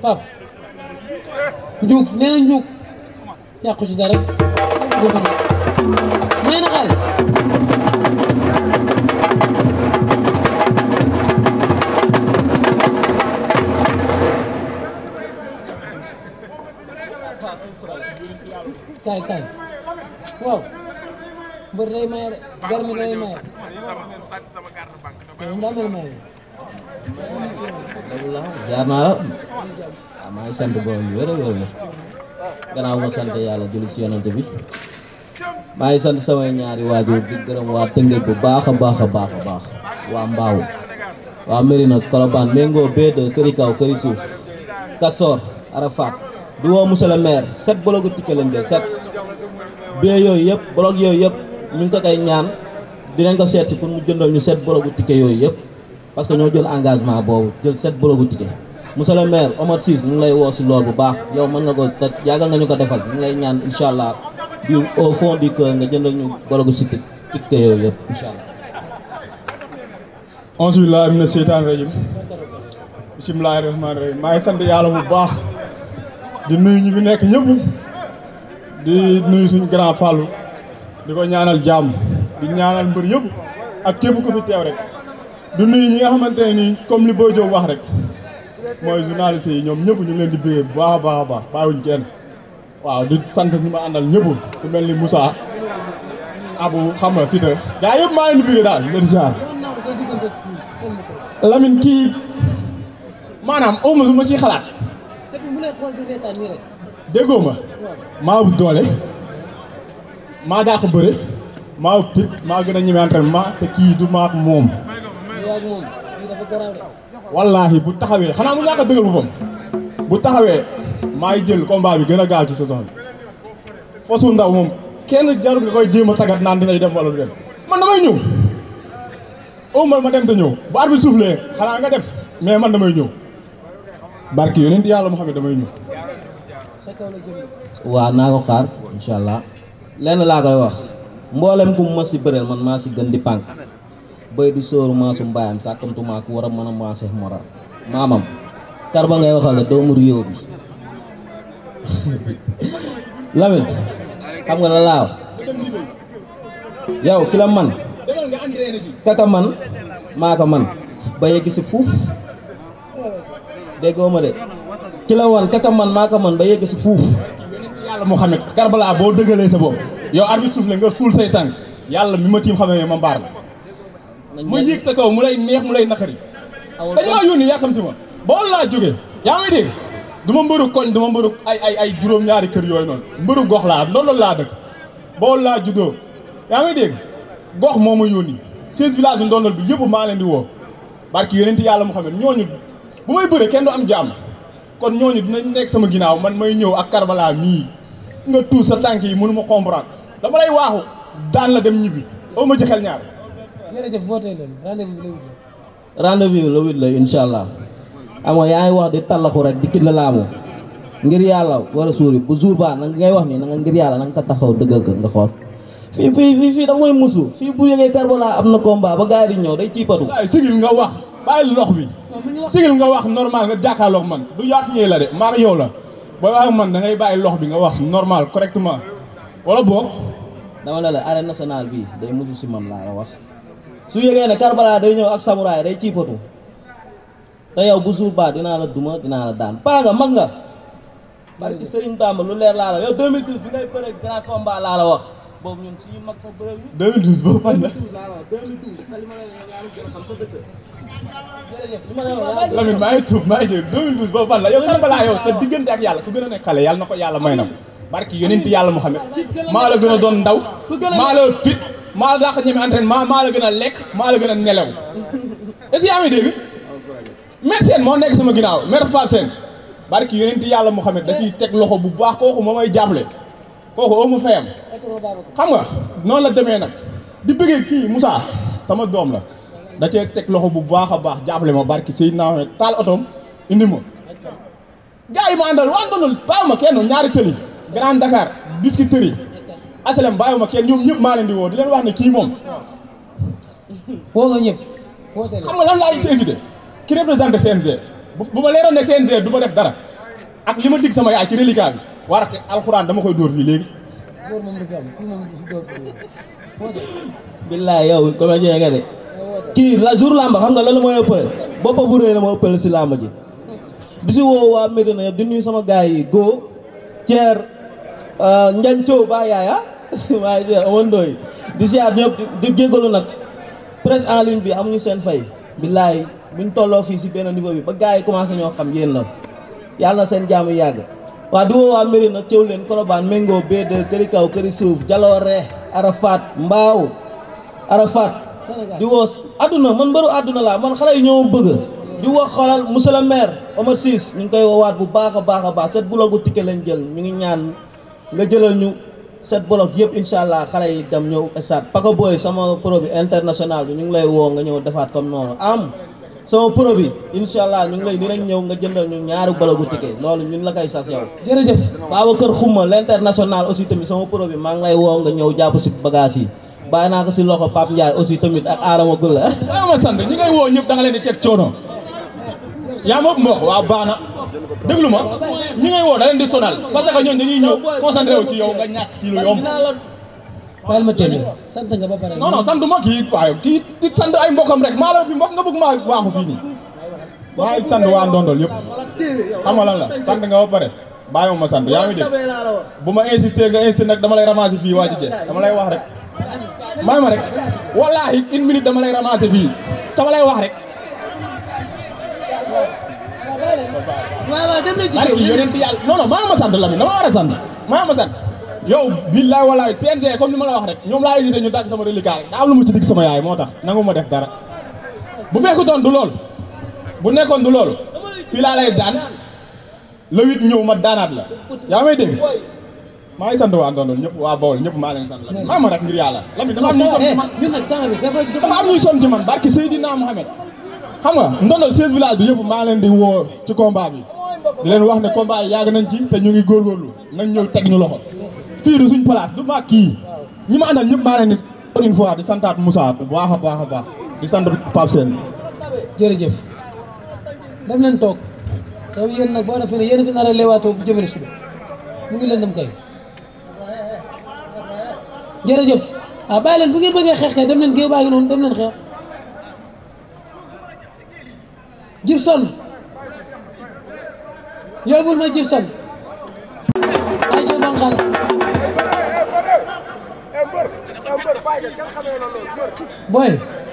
Pape njuug nee na njuug yàqu ci dara boobu nee na xaalis kaay kaay waaw mbër day maye de garmi day maye jaar naa la maa ngi sant borom yu wér wér wér gannaaw ma sant yàlla julli si yonante bi maa ngi sant samay ñaari waajur di gërëm waa Tëngéej bu baax a baax a baax a baax waa Mbaaw waa Mérina Colobane Mengo B2 Këri Kaw Këri Suuf Kasor Arafat di woo monsieur le maire set bologu tikke lañ jël set bee yooyu yëpp bolog yooyu yëpp ñu ngi ko koy ñaan dinañ ko seet si pour mu jëndoo ñu set bologu tikke yooyu yëpp parce que ñoo jël engagement boobu jël sept bologu ticket monsieur le maire Omar Ciss ñu lay woo si lool bu baax yow mën na ko te yàggal nga ñu ko defal ñu lay ñaan incha allah du au fond du cœur nga jëndal ñu bologu si ticket yooyu yëpp incha allah. auzu billaahi mina seytaani rajiim bismillaahi rahmaani rahiim maa ngi yàlla bu baax di nuyu ñi fi nekk ñëpp di nuyu suñu grand Fallou di ko ñaanal jàmm di ñaanal mbër yëpp ak képp ku fi teew rek. du nuyu ñi nga xamante nii comme li boo Diop wax rek mooy journaliste ñoom ñëpp ñu leen di bëggee bu baax a baax a kenn waaw di sant ñu ma àndal ñëpp ku mel ni Moussa Abou xam nga Sita gaa yëpp maa leen di bëggee daal leen si Lamine kii maanaam aw ma su ma ciy xalaat. déggoo ma maa bu doole maa dàq bëre maa fit maa gën a ñeme entraînement te kii du maak moom. ak dafa garaaw de. wallaahi bu taxawee xanaa mu ñàkk a dëggal boppam bu taxawee maay jël combat bi gën a gaaw ci saison bi Feussou Ndaw moom kenn jarul nga koy jéem a tàggat naan dinay dem wala du dem man damay ñëw au ma dem te ñëw bu arbitre soufflé xanaa nga dem mais man damay ñëw barki yonent yàlla mu xam ne damay ñëw. waaw naa ko xaar incha lenn laa koy wax mboolem ku mu si bëreel man maa si gën di pànk. bay du sóoru maasu mbaayam sàkkamtumaa ku war a mën a maase moral maamam Karba ngay waxal la doomu réew bi Lamin xam nga la laa wax yow ki man kaka man maa man ba yegg si fuuf déggoo ma de ki la kaka man maa ko man ba yegg si fuuf yàlla Muhammad Karbala boo dëggalee sa bopp yow arbitre suuf la nga suul say tànk yàlla mi ma tiim xamee ma mbaar la ma yéeg sa kaw mu lay neex mu lay naqari dañ laa yónni yàkkamti ma ba wala laa jógee yaa may dégg du ma mbëru koñ du ma mbëru ay ay juróom-ñaari kër yooyu noonu mbëru gox laa loolu laa dëkk ba wala laa juddoo yaa may dégg gox moo ma yónni seize village ndondol bi yëpp maa leen di woo barki yonenti yàlla mu xam ne ñooñu bu may bëre kenn du am jàmm kon ñooñu dinañ nekk sama ginnaaw man may ñëw ak Karbala mii nga tuus sa tànk yi mënu ma comprendre dama lay waaxu daan la dem ñibbi aw ma ci xel ñaar jërëjëf voté leen rendez-vous la huit la. rendez-vous bi la huit la incha allah xam nga wax di tallaxu rek di la laamu ngir yàlla war a suuri bu jour ba na ngay wax nii na nga ngir yàlla na nga ko taxaw dëggal ko nga xool. fii fii fii fii dafa mooy musu fii bu yëgee Karballah am na combat ba gars di ñëw day ciipatu. waaye sigil nga wax bàyyi lox bi. sigil nga wax normal nga jàkkaarloog man du yàq ñee la de maa ak yow la ba wax man da ngay bàyyi lox bi nga wax normal correctement wala boog. dama la la arène bi day musu si su yëgee ne Karbala day ñëw ak samuraay day ciipatu te yow bu jour ba dinaa la duma dinaa la daan paa nga mag nga barki Sëriñ Bamba lu leer laa la yow 2012 bi laa la wax boobu ñun suñu mag sa bëre yi 2012 boobu fan la 2012 laa la wax 2012 te ma la wax yaa a xam sa dëkk maa ngi tuub maa ngi jël 2012 boobu fan la sa diggante ak yàlla ku gën a nekk xale yàlla na ko yàlla may na barki yonent yàlla xam maa la gën a doon ndaw maa la fit maa la dàq ñeme maa la gën a lekk maa la gën a nelaw est-ce que yaa ngi dégg Maître Sène moo nekk sama ginnaaw Maître Pape Sène barki yonent yàlla Muhammad da ciy teg bu baax kooku moo may jàppale kooku fayam xam nga noonu la demee nag di bëggee fii musa sama doom la da cee teg loxo bu baax a baax jàppale ma barki si naa taal otoom indi ma gars yi ma àndal waa ndonul baax ma kenn ñaari tëli Grand Dakar Biscuiterie asalem bàyyiwuma kenn ñoom ñëpp maa leen woo di leen wax ne kii moom. woo nga ñëpp woote xam nga lan laa ci hésité ki bu ma leeroon ne CNG du ma def dara ak li ma dig sama yaay ci reliquat bi warate alxuraan dama koy dóor fii léegi. dóor moom du fi am de kii la jour lamba xam nga la mooy ëppale boppam bu rëy la ma ëppale si lamba ji. di si woo waa Médina yëpp di nuyu sama gars yi Go Thier euh, Ndiagne Thiaw Yaaya. waaye si amoon doy di siyaar ñëpp di jégalu nag presse en ligne bi amuñu seen fay billaay buñ tolloo fii si benn niveau bi ba gars yi commencé ñoo xam yéen la yàlla na seen jaamu yàgg waa di woo waa Mérina nag cëw leen Colobane Mengo B2 këri kaw këri suuf jaloore Arafat mbaaw Arafat di woo àdduna man mbaru àdduna laa man xale yi ñoo bëgg di wax xoolal monsieur le maire Omar Cisse ñu ngi koy woowaat bu baax a baax a baax set bu longu ticket lañ jël ñu ngi ñaan nga set bloc yëpp incha allah xale yi dem ñëw stade Paka Boy sama pro bi international bi ñu ngi lay woo nga ñëw defaat comme noonu am sama pro bi incha allah ñu ngi lay dinañ ñëw nga jëndal ñu ñaari balogu ticket loolu ñun la koy sas yow. jërëjëf Babacar Xuma l'international aussi tamit sama pro bi maa ngi lay woo nga ñëw jàpp si bagage yi bàyyi naa ko si loxo Pape Ndiaye aussi tamit ak Adama Gulla. dama sant ñi ngay woo ñëpp da nga leen di teg yaa ma mbokk waaw baax déglu ma ñi ngay woo da leen di sonal parce que ñooñu dañuy ñëw concentré wu ci yow nga ñàkk ci lu yomb. ma téeméer sant nga ba pare. sant ma kii waaye kii di sant ay mbokam rek maa la fi mbokk nga bëgg maa waaxu fii nii. sant waa Ndondol yëpp xam nga lan la sant nga ba pare bàyyi ma sant yaa bu ma insister nga insister nag dama lay ramasser fii waa Jide dama lay wax rek. may ma rek wallahi une minute dama lay ramasser fii dama lay wax rek. waaw waaw dem na ci barke yonent yàlla ma sant Lamine dama war a sant maa ma sant yow billaay walaay CNG comme ni ma la wax rek ñoom laa hésité ñu dagg sama reliquat rek daa am lu mu ci digg sama yaay moo tax nangu ma def dara bu fekkutoon du lool bu nekkoon du lool fii laa lay daan le huit ñëw ma daanaat la yaa may dégg maa ngi sant waa Ndondol ñëpp waa Bawol ñëpp maa leen sant la maa ma rek ngir yàlla Lamine dama am ñuy sonn ci man eh, am ñuy sonn ci man barki Seydina Mohamed xam nga Ndondol 16 village bi yëpp maa leen leen wax ne combat yi yàgg nañ ci te ñu ngi góorgóorlu nañ ñëw teg ñu loxo fii du suñ place du ma kii ñi ma àndal ñëpp maa leen di une fois di santaat Moussa baax a baax a baax di sant Pape Sène jërëjëf daf leen toog te yéen nag boo defee ne yéen fi nar a leewaatoo bu jëmale suba mu ngi leen dem kay jërëjëf waaw bàyyi leen bu ngeen xeex kay dem leen géew baa ngi noonu dem leen xeex Gibson yóbbul ma Gibson ay ca banqaas booy